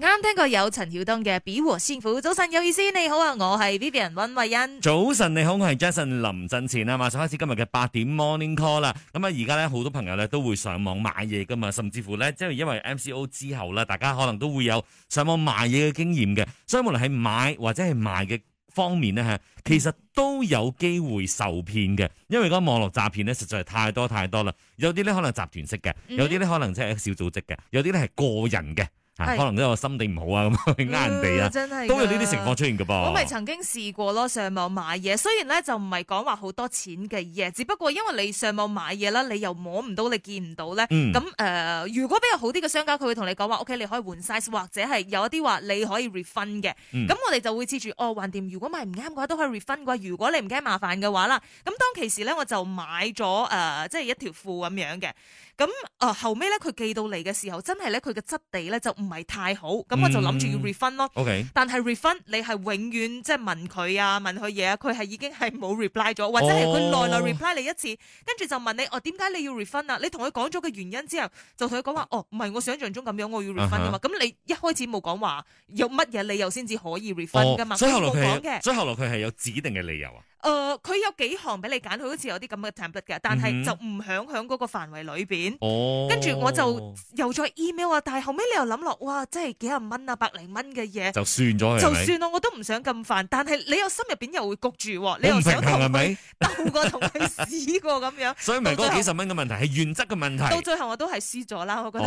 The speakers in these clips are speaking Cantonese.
啱聽過有陳曉東嘅《比和師傅早晨》有意思，你好啊，我係 Vivian 溫慧欣。早晨你好，我係 Jason 林振前啊嘛，上開始今日嘅八點 Morning Call 啦。咁啊，而家咧好多朋友咧都會上網買嘢噶嘛，甚至乎咧即係因為 MCO 之後啦，大家可能都會有上網買嘢嘅經驗嘅，所以無論係買或者係賣嘅方面咧係，其實都有機會受騙嘅。因為而家網絡詐騙咧實在係太多太多啦，有啲咧可能集團式嘅，有啲咧可能即係小組織嘅，有啲咧係個人嘅。啊、可能都係我心地唔好啊，咁 家呃啱人哋啦，真都有呢啲情況出現噶噃。我咪曾經試過咯，上網買嘢，雖然咧就唔係講話好多錢嘅嘢，只不過因為你上網買嘢啦，你又摸唔到，到，你見唔到咧，咁、呃、誒，如果比較好啲嘅商家，佢會同你講話，OK，你可以換 size，或者係有一啲話你可以 refund 嘅。咁、嗯、我哋就會記住，哦，橫掂。如果買唔啱嘅話，都可以 refund 嘅話，如果你唔驚麻煩嘅話啦，咁當其時咧，我就買咗誒，即、呃、係、就是、一條褲咁樣嘅。咁啊，後尾咧佢寄到嚟嘅時候，真係咧佢嘅質地咧就唔係太好，咁、嗯、我就諗住要 refund 咯。Okay. 但係 refund 你係永遠即係問佢啊，問佢嘢、啊，佢係已經係冇 reply 咗，或者係佢耐耐 reply 你一次，跟住、oh. 就問你哦，點解你要 refund 啊？你同佢講咗個原因之後，就同佢講話哦，唔係我想象中咁樣，我要 refund 噶嘛。咁、uh huh. 你一開始冇講話有乜嘢理由先至可以 refund 噶嘛？所以、oh. 冇講嘅。所以後來佢係有指定嘅理由啊。誒，佢有幾行俾你揀，佢好似有啲咁嘅 template 嘅，但係就唔響響嗰個範圍裏邊。哦，跟住我就又再 email 啊，但係後尾你又諗落，哇，真係幾十蚊啊，百零蚊嘅嘢，就算咗係咪？就算咯，我都唔想咁煩。但係你又心入邊又會焗住，你又想同佢鬥過同佢試過咁樣。所以咪嗰幾十蚊嘅問題，係原則嘅問題。到最後我都係輸咗啦，我覺得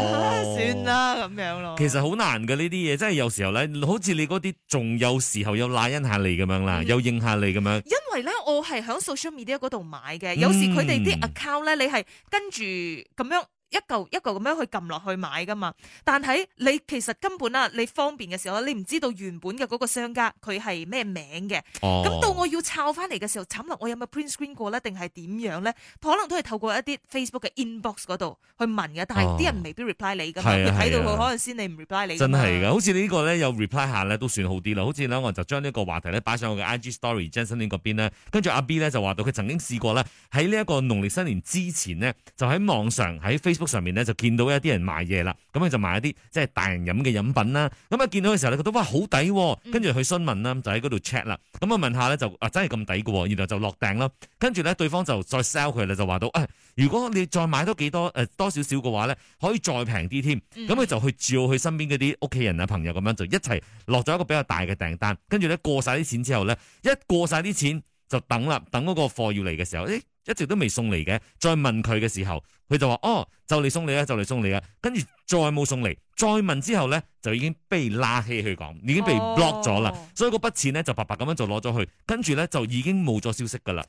算啦咁樣咯。其實好難嘅呢啲嘢，真係有時候咧，好似你嗰啲仲有時候又賴恩下你咁樣啦，又應下你咁樣。因為。咧我係響 social media 度買嘅，嗯、有時佢哋啲 account 咧，你係跟住咁樣。一嚿一嚿咁樣去撳落去買噶嘛？但係你其實根本啊，你方便嘅時候，你唔知道原本嘅嗰個商家佢係咩名嘅。哦。咁到我要抄翻嚟嘅時候，慘啦！我有冇 print screen 過咧？定係點樣咧？可能都係透過一啲 Facebook 嘅 inbox 度去問嘅。但係啲人未必 reply 你㗎嘛？哦。係啊係啊。睇到佢可能先你唔 reply 你。真係㗎，好似呢個咧有 reply 下咧都算好啲啦。好似咧我就將呢個話題咧擺上我嘅 IG story、Jen、新年嗰邊咧，跟住阿 B 咧就話到佢曾經試過咧喺呢一個農曆新年之前呢，就喺網上喺 Facebook。上面咧就見到一啲人買嘢啦，咁佢就買一啲即係大人飲嘅飲品啦。咁啊見到嘅時候咧，覺得哇好抵，跟住去詢問啦，就喺嗰度 check 啦。咁啊問下咧就啊真係咁抵嘅，然後就落訂啦。跟住咧對方就再 sell 佢啦，就話到誒、哎，如果你再買多幾多誒多少少嘅、呃、話咧，可以再平啲添。咁佢、嗯、就去叫佢身邊嗰啲屋企人啊朋友咁樣就一齊落咗一個比較大嘅訂單。跟住咧過晒啲錢之後咧，一過晒啲錢就等啦，等嗰個貨要嚟嘅時候，誒、欸。一直都未送嚟嘅，再問佢嘅時候，佢就話：哦，就嚟送你啦，就嚟送你啦。跟住再冇送嚟，再問之後咧，就已經被拉起去講，已經被 block 咗啦。哦、所以嗰筆錢咧就白白咁樣就攞咗去，跟住咧就已經冇咗消息噶啦。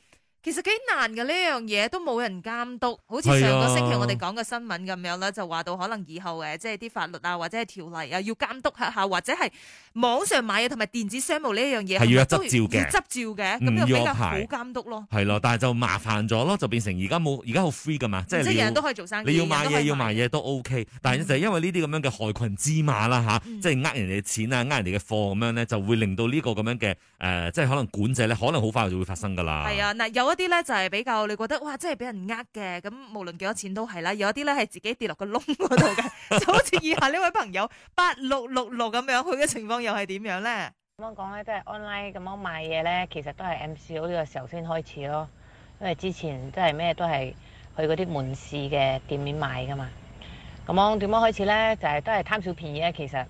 其實幾難嘅，呢樣嘢都冇人監督，好似上個星期我哋講嘅新聞咁樣啦，啊、就話到可能以後誒，即係啲法律啊或者係條例啊要監督下下，或者係網上買嘢同埋電子商務呢一樣嘢係要執照嘅，係係執照嘅，咁又比較好監督咯。係咯、啊，但係就麻煩咗咯，就變成而家冇而家好 free 噶嘛，即係人人都可以做生意，你要買嘢要買嘢都 OK、嗯。但係就因為呢啲咁樣嘅害群之馬啦吓，嗯嗯、即係呃人哋錢啊，呃人哋嘅貨咁樣咧，就會令到呢個咁樣嘅誒、呃，即係可能管制咧，可能好快就會發生噶啦。係啊，嗱有。啲咧就係比較你覺得哇，真係俾人呃嘅咁，無論幾多錢都係啦。有啲咧係自己跌落個窿嗰度嘅， 就好似以下呢位朋友八六六六咁樣，佢嘅情況又係點樣咧？咁樣講咧，都係 online 咁樣買嘢咧，其實都係 M C O 呢個時候先開始咯。因為之前都係咩都係去嗰啲門市嘅店面買噶嘛。咁樣點樣開始咧？就係都係貪小便宜咧。其實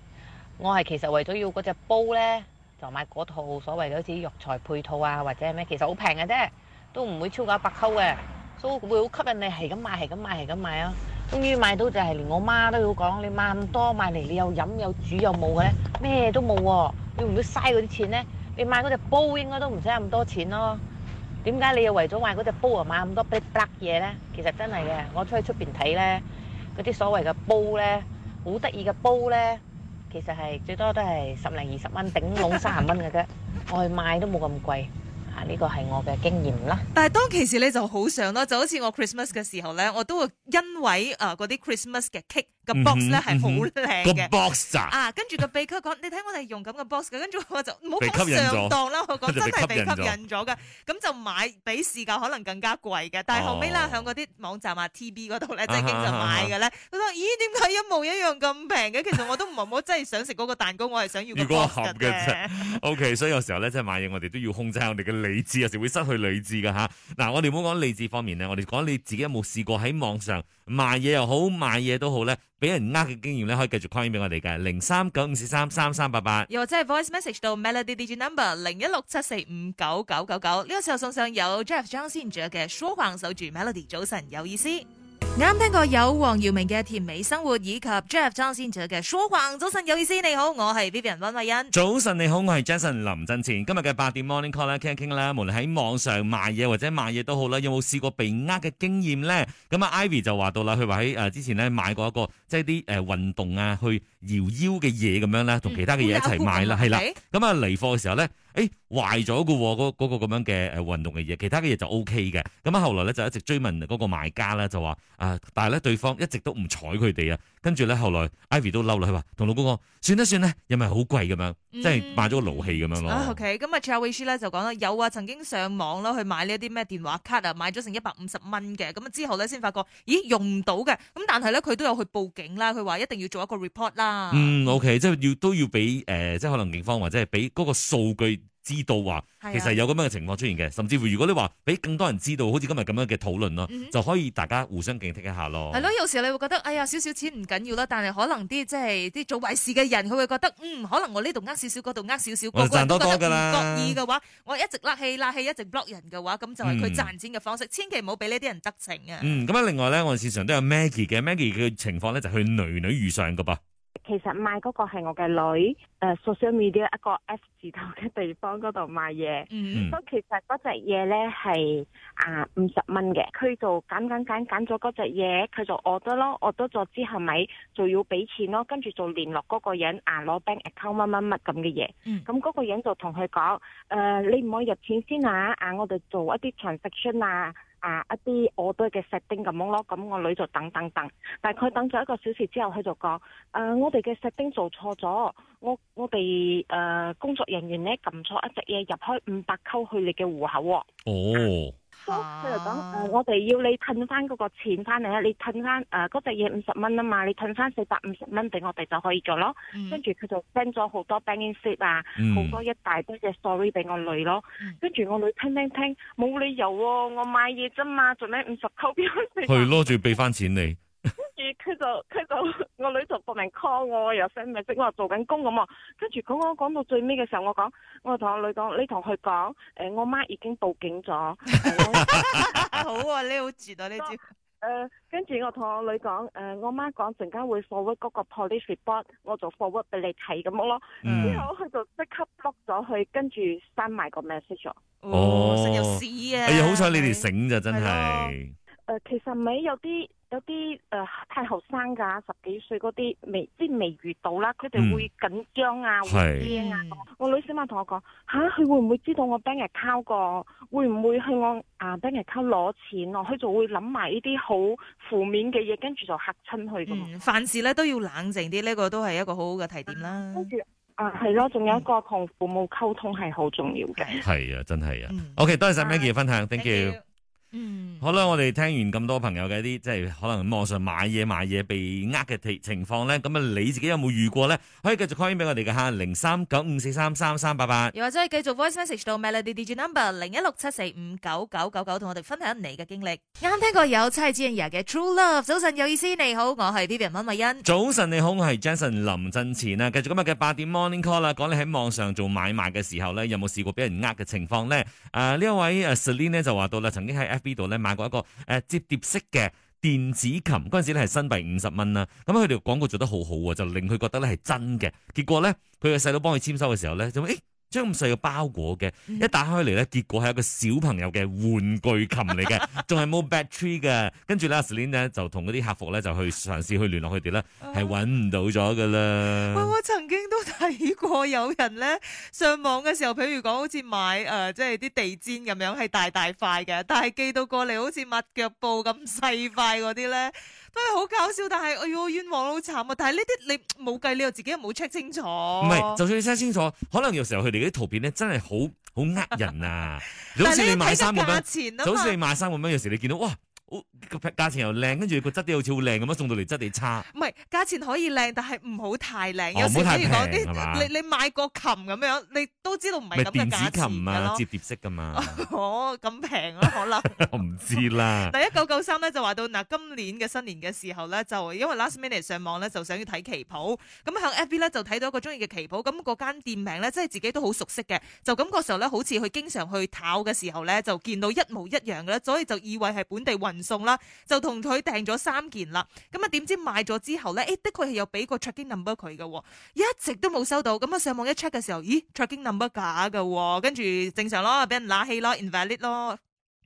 我係其實為咗要嗰隻煲咧，就買嗰套所謂好似藥材配套啊，或者係咩，其實好平嘅啫。都唔會超過百扣嘅，所以會好吸引，你係咁買係咁買係咁買啊！終於買到就係、是、連我媽都要講：你買咁多買嚟，你又飲又煮又冇嘅，咩都冇喎，你唔會嘥嗰啲錢咧？你買嗰隻煲應該都唔使咁多錢咯。點解你又為咗買嗰隻煲啊，買咁多 black 嘢咧？其實真係嘅，我出去出邊睇咧，嗰啲所謂嘅煲咧，好得意嘅煲咧，其實係最多都係十零二十蚊，頂籠三十蚊嘅啫，我去買都冇咁貴。啊！呢、這個係我嘅經驗啦。但係當其時咧就好想咯，就好似我 Christmas 嘅時候咧，我都會因為啊啲、呃、Christmas 嘅 cake。個 box 咧係好靚嘅，box 啊，跟住個鼻哥講：你睇我哋用咁嘅 box 嘅，跟住我就冇被吸上當啦！我講真係被吸引咗嘅，咁就買比市價可能更加貴嘅。但係後尾啦，響嗰啲網站啊，TB 嗰度咧，即係經常買嘅咧，佢話：咦，點解一模一樣咁平嘅？其實我都唔係好真係想食嗰個蛋糕，我係想要個盒嘅。O K，所以有時候咧，即係買嘢，我哋都要控制下我哋嘅理智，有時會失去理智嘅吓，嗱，我哋唔好講理智方面咧，我哋講你自己有冇試過喺網上？賣嘢又好，買嘢都好咧，俾人呃嘅經驗咧，可以繼續 call 俾我哋嘅零三九五四三三三八八，又或者係 voice message 到 Melody Digi number 零一六七四五九九九九，呢個時候送上由 Jeff 張先做嘅蘇杭守住 Melody 早晨有意思。啱聽過有黃耀明嘅甜美生活，以及 Jeff j 先者嘅說話。早晨，有意思，你好，我係 Vivian 溫慧欣。早晨，你好，我係 Jason 林振前。今日嘅八點 Morning Call 咧，傾一傾啦。無論喺網上賣嘢或者賣嘢都好啦，有冇試過被呃嘅經驗咧？咁啊，Ivy 就話到啦，佢話喺誒之前咧買過一個即係啲誒運動啊，去搖腰嘅嘢咁樣咧，同其他嘅嘢一齊買啦，係啦，嗯。咁啊，嗯，嚟貨嘅時候咧。誒、哎、壞咗嘅喎，嗰嗰個咁樣嘅誒運動嘅嘢，其他嘅嘢就 O K 嘅。咁啊，後來咧就一直追問嗰個賣家咧，就話啊、呃，但係咧對方一直都唔睬佢哋啊。跟住咧後來 Ivy 都嬲啦，佢話同老公講，算啦算咧，又咪好貴咁樣，即係、嗯、買咗個勞氣咁樣咯。O K，咁啊 Charles Wee 就講啦，有啊，曾經上網啦去買呢一啲咩電話卡啊，買咗成一百五十蚊嘅。咁之後咧先發覺，咦用唔到嘅。咁但係咧佢都有去報警啦，佢話一定要做一個 report 啦。嗯，O、okay, K，即係要都要俾誒、呃，即係可能警方或者係俾嗰個數據。知道話其實有咁樣嘅情況出現嘅，甚至乎如果你話俾更多人知道，好似今日咁樣嘅討論咯，嗯、哼就可以大家互相警惕一下咯。係咯，有時候你會覺得，哎呀少少錢唔緊要啦，但係可能啲即係啲做壞事嘅人，佢會覺得，嗯，可能我呢度呃少少，嗰度呃少少，少少我就賺多啲㗎啦。唔覺、覺意嘅話，我一直拉氣拉氣，一直 block 人嘅話，咁就係佢賺錢嘅方式，嗯、千祈唔好俾呢啲人得逞啊。嗯，咁另外咧，我哋市場都有 Maggie 嘅 Maggie 嘅情況咧，就係女女遇上噶噃。其實賣嗰個係我嘅女，誒 social media 一個 F 字頭嘅地方嗰度賣嘢，咁、mm hmm. 其實嗰隻嘢咧係啊五十蚊嘅，佢就揀揀揀揀咗嗰隻嘢，佢就 order 咯，order 咗之後咪就要俾錢咯，跟住就聯絡嗰個人啊攞 bank account 乜乜乜咁嘅嘢，咁嗰、mm hmm. 個人就同佢講誒，你唔可以入錢先啊，啊我哋做一啲 transaction 啊。啊！一啲我都嘅石丁咁樣咯，咁我女就等等等，但佢等咗一個小時之後，佢就講，誒、呃，我哋嘅石丁做錯咗，我我哋誒、呃、工作人員咧撳錯一隻嘢，入開五百溝去你嘅戶口。哦。哦佢、so，就講誒、呃，我哋要你褪翻嗰個錢翻嚟啊！你褪翻誒嗰隻嘢五十蚊啊嘛，你褪翻四百五十蚊俾我哋就可以做咯。跟住佢就 send 咗好多 banking 啊，好多一大堆嘅 sorry 俾我女咯。跟住我女聽聽聽，冇理由喎、啊，我買嘢啫嘛，做咩五十 coupon 去咯，仲要俾翻錢你。佢就佢就我女就搏命 call 我，又 send message 我係做緊工咁啊，跟住講講講到最尾嘅時候，我講我同我女講，你同佢講，誒、呃，我媽已經報警咗。 說 好啊，你好智啊，你知。誒、呃，跟住我同我女講，誒、呃，我媽講陣間會 forward 嗰個 police report，我就 forward 俾你睇咁咯。之後佢就即刻 lock 咗佢，跟住刪埋個 message、嗯、哦。成日死啊！哎呀，好彩你哋醒咋，真係。誒、呃呃，其實咪有啲。有啲誒太後生㗎，十幾歲嗰啲未即係未遇到啦，佢哋會緊張啊，會驚啊！我女小妹同我講吓，佢會唔會知道我 bank account 個？會唔會去我啊 bank account 攞錢咯？佢就會諗埋呢啲好負面嘅嘢，跟住就嚇親佢。嗯、凡事咧都要冷靜啲，呢、呢個都係一個好好嘅提點啦。跟住啊，係咯，仲、啊、有一個同父母溝通係好重要嘅。係、嗯、啊，真係啊。嗯、OK，多謝 Maggie 分享，thank you。嗯。好啦，我哋聽完咁多朋友嘅一啲即係可能網上買嘢買嘢被呃嘅情情況咧，咁啊你自己有冇遇過咧？可以繼續 call 翻俾我哋嘅吓零三九五四三三三八八，又或者係繼續 voice message 到 Melody digit number 零一六七四五九九九九，同我哋分享你嘅經歷。啱聽過有妻子嘅 true love。早晨有意思，你好，我係 David 溫慧欣。早晨你好，我係 Jason 林振前啊！繼續今日嘅八點 morning call 啦，講你喺網上做買賣嘅時候咧，有冇試過俾人呃嘅情況呢？啊、呃、呢一位誒 Sally 咧就話到啦，曾經喺 FB 度咧。買過一個誒摺疊式嘅電子琴，嗰陣時咧係新幣五十蚊啦。咁佢哋廣告做得好好啊，就令佢覺得咧係真嘅。結果咧，佢嘅細佬幫佢簽收嘅時候咧，就、哎、誒。將咁細嘅包裹嘅一打開嚟咧，結果係一個小朋友嘅玩具琴嚟嘅，仲係冇 battery 嘅。 呢跟住咧阿 Slim 咧就同嗰啲客服咧就去嘗試去聯絡佢哋咧，係揾唔到咗噶啦。喂，我曾經都睇過有人咧上網嘅時候，譬如講好似買誒、呃，即係啲地氈咁樣，係大大塊嘅，但係寄到過嚟好似抹腳布咁細塊嗰啲咧。真係好搞笑，但係哎呦冤枉到好慘啊！但係呢啲你冇計，你又自己又冇 check 清楚。唔係，就算你 check 清楚，可能有時候佢哋啲圖片咧真係好好呃人啊！好似 你買衫個價錢啊，好似你買衫個咩、嗯，有時你見到哇～個價價錢又靚，跟住個質地好似好靚咁樣，送到嚟質地差。唔係價錢可以靚，但係唔好太靚。哦、有時比如講啲，哦、你吧你，你買個琴咁樣，你都知道唔係咁嘅價錢噶咯。折疊、啊、式噶嘛。 哦，咁平咯，可能。 我唔知啦。第一九九三咧就話到嗱，今年嘅新年嘅時候咧，就因為 last minute 上網咧，就想要睇旗袍。咁向 F B 咧就睇到一個中意嘅旗袍，咁嗰間店名咧，即係自己都好熟悉嘅，就咁嗰時候咧，好似佢經常去淘嘅時候咧，就見到一模一樣嘅咧，所以就以為係本地運。唔送啦，就同佢訂咗三件啦。咁啊，點知買咗之後咧，誒，的確係有俾個 tracking number 佢嘅，一直都冇收到。咁啊，上網一 check 嘅時候，咦，tracking number 假嘅，跟住正常咯，俾人拉氣咯，invalid 咯。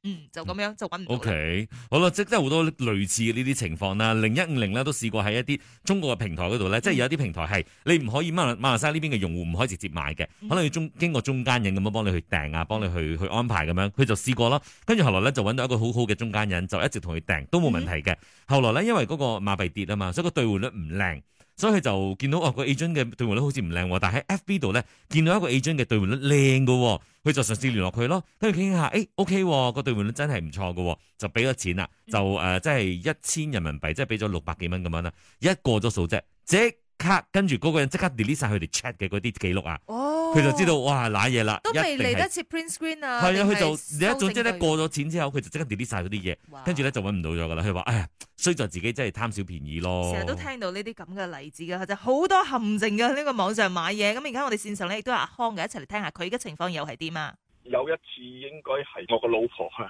嗯，就咁樣就搵唔到。O、okay, K，好啦，即係好多類似呢啲情況啦。零一五零咧都試過喺一啲中國嘅平台嗰度咧，嗯、即係有啲平台係你唔可以馬來、馬來西亞呢邊嘅用戶唔可以直接買嘅，嗯、可能要中經過中間人咁樣幫你去訂啊，幫你去去安排咁樣，佢就試過啦。跟住後來咧就搵到一個好好嘅中間人，就一直同佢訂都冇問題嘅。嗯、後來咧因為嗰個馬幣跌啊嘛，所以個兌換率唔靚。所以佢就見到哦個 agent 嘅兌換率好似唔靚喎，但喺 FB 度咧見到一個 agent 嘅兌換率靚嘅、哦，佢就嘗試聯絡佢咯，跟住傾下，誒、欸、OK 個兌換率真係唔錯嘅、哦，就俾咗錢啦，就誒即係一千人民幣，即係俾咗六百幾蚊咁樣啦，一過咗數啫，即刻跟住嗰個人即刻 delete 晒佢哋 chat 嘅嗰啲記錄啊。哦。佢、哦、就知道哇，攋嘢啦，都未嚟得切 print screen 啊！係啊，佢就你一就成總之咧過咗錢之後，佢就即刻 delete 晒嗰啲嘢，跟住咧就揾唔到咗㗎啦。佢話：哎、呀，衰在自己真係貪小便宜咯。成日都聽到呢啲咁嘅例子㗎，就好多陷阱㗎呢個網上買嘢。咁而家我哋線上咧亦都有阿康嘅，一齊嚟聽下佢嘅情況又係點啊？有一次應該係我個老婆啊，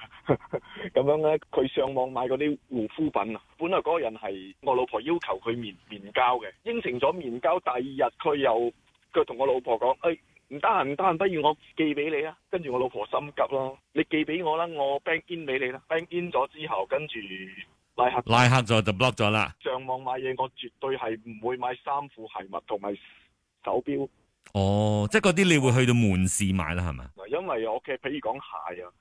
咁 樣咧、啊、佢上網買嗰啲護膚品啊。本來嗰個人係我老婆要求佢面面交嘅，應承咗面交，第二日佢又佢同我老婆講：哎。唔得閒，唔得閒，不如我寄俾你啊！跟住我老婆心急咯，你寄俾我啦，我 bank in 俾你啦，bank in 咗之後，跟住拉黑，拉黑咗就 block 咗啦。上網買嘢，我絕對係唔會買衫褲鞋襪同埋手錶。哦，即係嗰啲你會去到門市買啦，係咪？嗱，因為我嘅譬如講鞋啊。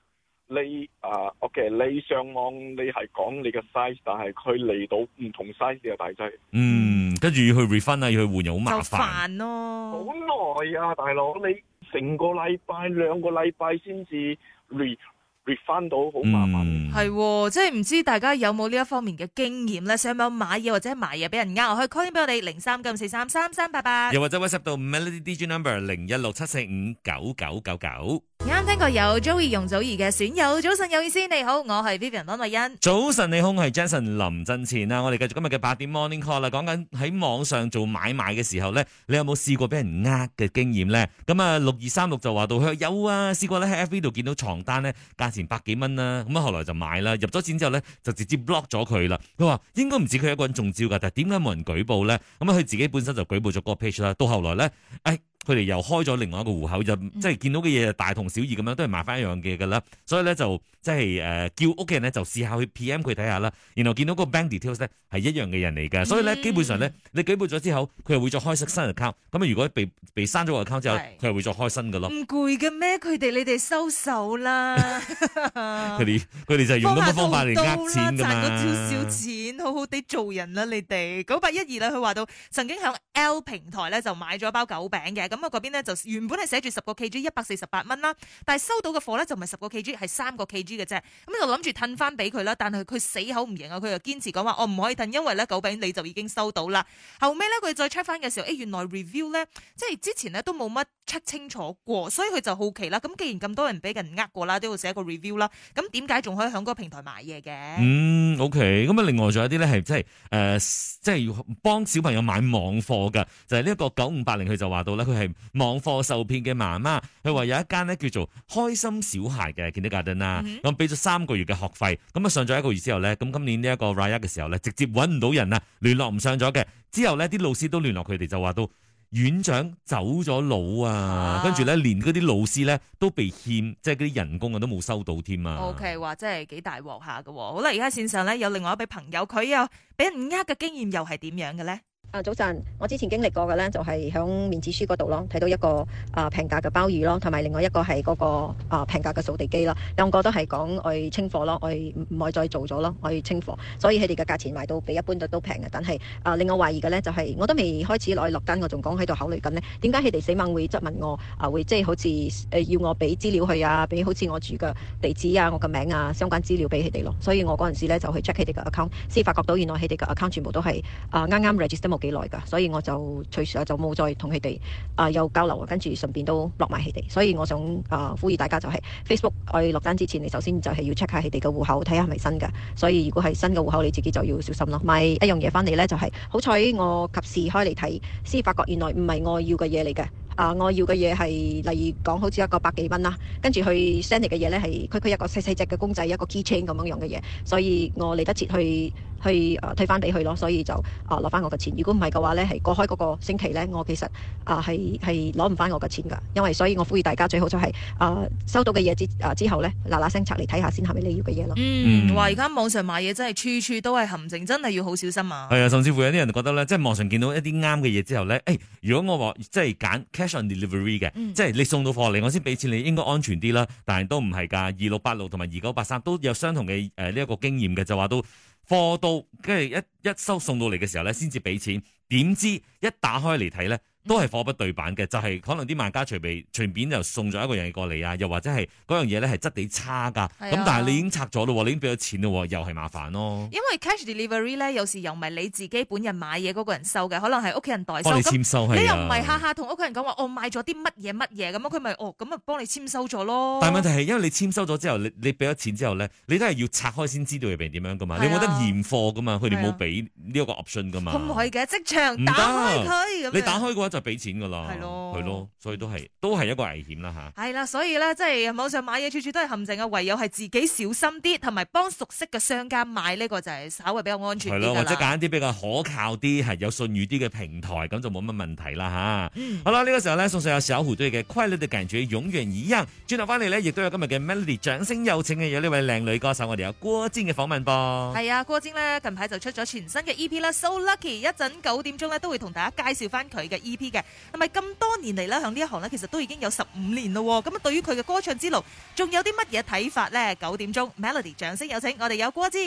你啊，OK，你上網你係講你個 size，但係佢嚟到唔同 size 嘅大細。嗯，跟住要去 refund，要去換又好麻煩。就煩咯，好耐啊，大佬，你成個禮拜兩個禮拜先至 ref refund 到，好麻煩。係喎，即係唔知大家有冇呢一方面嘅經驗咧？上網買嘢或者賣嘢俾人呃，我去 call 俾我哋零三九四三三三八八。又或者 WhatsApp 到 Melody DJ Number 零一六七四五九九九九。啱聽過有 Joey 容祖兒嘅損友早晨有意思，你好，我係 Vivian 溫慧欣。早晨，你好，我係 Jason 林振前啦。我哋繼續今日嘅八點 Morning Call 啦。講緊喺網上做買賣嘅時候咧，你有冇試過俾人呃嘅經驗咧？咁啊，六二三六就話到佢有啊，試過咧喺 FB 度見到床單咧，價錢百幾蚊啦。咁啊，後來就買啦。入咗錢之後咧，就直接 block 咗佢啦。佢話應該唔止佢一個人中招噶，但係點解冇人舉報咧？咁啊，佢自己本身就舉報咗嗰個 page 啦。到後來咧，誒、哎。佢哋又開咗另外一個戶口，就、嗯、即係見到嘅嘢大同小異咁樣，都係買翻一樣嘅噶啦。所以咧就即係誒叫屋企人咧就試下去 PM 佢睇下啦。然後見到個 Bank details 咧係一樣嘅人嚟嘅，所以咧、嗯、基本上咧你舉報咗之後，佢又會再開新嘅 account。咁啊，如果被被刪咗個 account 之後，佢又是會再開新嘅咯。唔攰嘅咩？佢哋你哋收手啦。佢哋佢哋就係用咁嘅方法嚟呃錢㗎嘛。賺咁少錢，好好地做人啦、啊，你哋九八一二啦，佢話到曾經響。L 平台咧就買咗包狗餅嘅，咁啊嗰邊咧就原本係寫住十個 K G 一百四十八蚊啦,但係收到嘅貨咧就唔係十個 K G，係三個 K G 嘅啫，咁就諗住褪翻俾佢啦。但係佢死口唔認啊，佢又堅持講話我唔可以褪，因為咧狗餅你就已經收到啦。後尾咧佢再 check 翻嘅時候，誒、哎、原來 review 咧即係之前咧都冇乜 check 清楚過，所以佢就好奇啦。咁既然咁多人俾人呃過啦，都要寫個 review 啦，咁點解仲可以響嗰個平台買嘢嘅？嗯，OK，咁啊另外仲有啲咧係即係誒即係要幫小朋友買網貨。就係呢一個九五八零，佢就話到咧，佢係網課受騙嘅媽媽。佢話有一間咧叫做開心小孩嘅、嗯，kindergarten 啊，咁俾咗三個月嘅學費，咁啊上咗一個月之後咧，咁今年呢一個 Raya 嘅時候咧，直接搵唔到人啊，聯絡唔上咗嘅。之後呢啲老師都聯絡佢哋，就話到院長走咗佬啊，跟住咧，連嗰啲老師咧都被欠，即係嗰啲人工啊都冇收到添啊。O K，話即係幾大鑊下嘅。好啦，而家線上咧有另外一位朋友，佢又俾人呃嘅經驗，又係點樣嘅咧？啊，早晨！我之前經歷過嘅咧，就係喺面子書嗰度咯，睇到一個啊平價嘅鮑魚咯，同埋另外一個係嗰個啊平價嘅掃地機咯。兩個都係講去清貨咯，去唔可以再做咗咯，去清貨。所以佢哋嘅價錢賣到比一般都都平嘅，但係啊令我懷疑嘅咧，就係我都未開始落去落單，我仲講喺度考慮緊咧，點解佢哋死猛會質問我啊？會即係好似誒要我俾資料去啊，俾好似我住嘅地址啊、我嘅名啊、相關資料俾佢哋咯。所以我嗰陣時咧就去 check 佢哋嘅 account，先發覺到原來佢哋嘅 account 全部都係啊啱啱 register。剛剛 reg 幾耐噶，所以我就隨時就冇再同佢哋啊有交流，跟住順便都落埋佢哋。所以我想啊，呼籲大家就係 Facebook，我落單之前，你首先就係要 check 下佢哋嘅戶口，睇下係咪新噶。所以如果係新嘅戶口，你自己就要小心咯。買一樣嘢翻嚟呢，就係好彩我及時開嚟睇，先發覺原來唔係我要嘅嘢嚟嘅。啊，我要嘅嘢係例如講，好似一個百幾蚊啦，跟住去 send 嚟嘅嘢呢，係佢佢一個細細隻嘅公仔，一個 keychain 咁樣樣嘅嘢，所以我嚟得切去。去誒退翻俾佢咯，所以就啊攞翻我嘅錢。如果唔係嘅話咧，係過開嗰個星期咧，我其實啊係係攞唔翻我嘅錢㗎，因為所以我呼籲大家最好就係啊收到嘅嘢之啊之後咧，嗱嗱聲拆嚟睇下先，係咪你要嘅嘢咯。嗯，話而家網上買嘢真係處處都係陷阱，真係要好小心啊。係啊、嗯，甚至乎有啲人覺得咧，即係網上見到一啲啱嘅嘢之後咧，誒、哎、如果我話即係揀 cash on delivery 嘅，嗯、即係你送到貨嚟我先俾錢你，應該安全啲啦。但係都唔係㗎，二六八六同埋二九八三都有相同嘅誒呢一個經驗嘅，就話、是、都。貨到跟住一一收送到嚟嘅時候咧，先至俾錢。點知一打開嚟睇咧。嗯、都係貨不對版嘅，就係、是、可能啲賣家隨便隨便就送咗一個樣嘢過嚟啊，又或者係嗰樣嘢咧係質地差噶，咁、啊、但係你已經拆咗咯，你已經俾咗錢咯，又係麻煩咯。因為 cash delivery 咧，有時又唔係你自己本人買嘢嗰個人收嘅，可能係屋企人代收。幫你簽收你又唔係下下同屋企人講話，我買咗啲乜嘢乜嘢咁，佢咪哦咁啊幫你簽收咗咯。但係問題係因為你簽收咗之後，你你俾咗錢之後咧，你都係要拆開先知道入面點樣噶嘛，啊、你冇得驗貨噶嘛，佢哋冇俾呢個 option 噶嘛。唔可以嘅，即場打開佢、啊、樣你打開就俾錢噶啦，係咯，係咯，所以都係都係一個危險啦吓。係啦，所以咧，即係網上買嘢，處處都係陷阱啊，唯有係自己小心啲，同埋幫熟悉嘅商家買呢個就係稍微比較安全啲噶啦，或者揀啲比較可靠啲，係有信譽啲嘅平台，咁就冇乜問題啦吓。吓， 好啦，呢個時候咧，送上有小虎隊嘅《快樂的感覺》永遠一樣。轉頭翻嚟咧，亦都有今日嘅 Melody，掌聲有請嘅有呢位靚女歌手，我哋有郭晶嘅訪問噃。係啊，郭晶咧近排就出咗全新嘅 EP 啦，《So Lucky》。一陣九點鐘咧都會同大家介紹翻佢嘅 EP。嘅，咁咪咁多年嚟咧，喺呢一行咧，其實都已經有十五年咯。咁、嗯、啊、嗯，對於佢嘅歌唱之路，仲有啲乜嘢睇法呢？九點鐘 ，Melody，掌聲有請，我哋有歌之